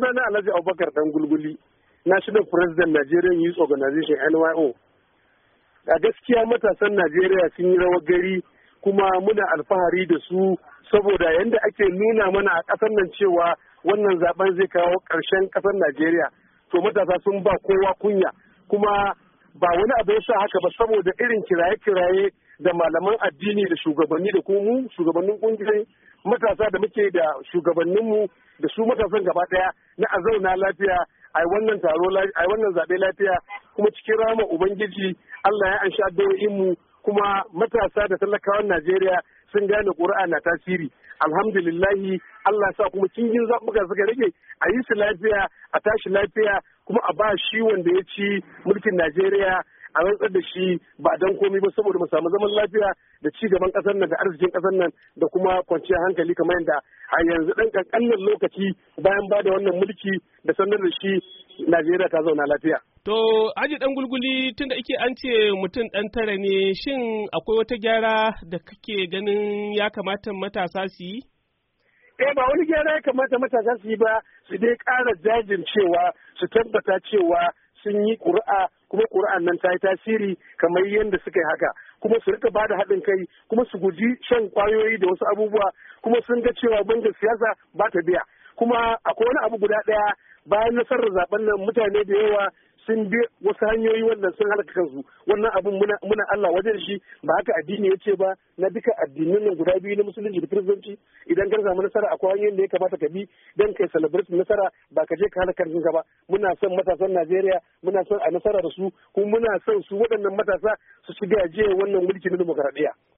na Alhaji Abubakar Dan Gulguli, National President Nigerian Youth Organization NYO. A gaskiya matasan Najeriya sun yi rawar gari kuma muna alfahari da su saboda yadda ake nuna mana a ƙasar nan cewa wannan zaben zai kawo ƙarshen ƙasar Najeriya. To matasa sun ba kowa kunya kuma ba wani abu ya sa haka ba saboda irin kiraye-kiraye da malaman addini da shugabanni da kuma shugabannin kungiyoyin matasa da muke da shugabanninmu da su matasan gaba daya na a zauna lafiya a wannan taro wannan zaɓe lafiya kuma cikin rama ubangiji Allah ya anshi addu'o'in mu kuma matasa da talakawan Najeriya sun gane ƙuri'a na tasiri alhamdulillahi Allah sa kuma kingin zaɓuka suka rage a yi su lafiya a tashi lafiya kuma a ba shi wanda ya ci mulkin Najeriya a rantsar da shi ba dan komai ba saboda mu samu zaman lafiya da ci gaban kasar nan da arzikin ƙasar nan da kuma kwanciyar hankali kamar yadda a yanzu ɗan kankanin lokaci bayan ba da wannan mulki da sanar da shi Najeriya ta zauna lafiya. To, aji ɗan gulguli tunda ike an ce mutum ɗan tara ne, shin akwai wata gyara da kake ganin ya kamata matasa su yi? Eh ba wani gyara ya kamata matasa su yi ba, su dai ƙara jajin cewa su tabbata cewa sun yi ƙuri'a kuma ƙuri'an nan ta yi tasiri kamar yadda suka yi haka kuma su rika bada haɗin kai kuma su guji shan ƙwayoyi da wasu abubuwa kuma sun ga cewa bangar siyasa ba ta biya kuma akwai wani abu guda ɗaya bayan nasarar zaben nan mutane da yawa sun bi wasu hanyoyi wannan sun halaka kansu wannan abin muna Allah wajen shi ba haka addini ya ce ba na duka addinin nan guda biyu na musulunci da kiristanci idan ka samu nasara akwai hanyoyin da ya kamata ka bi dan kai celebrate nasara ba ka je ka halaka kansu ba muna son matasan Najeriya muna son a nasara da su kuma muna son su waɗannan matasa su shiga je wannan mulki na demokaradiyya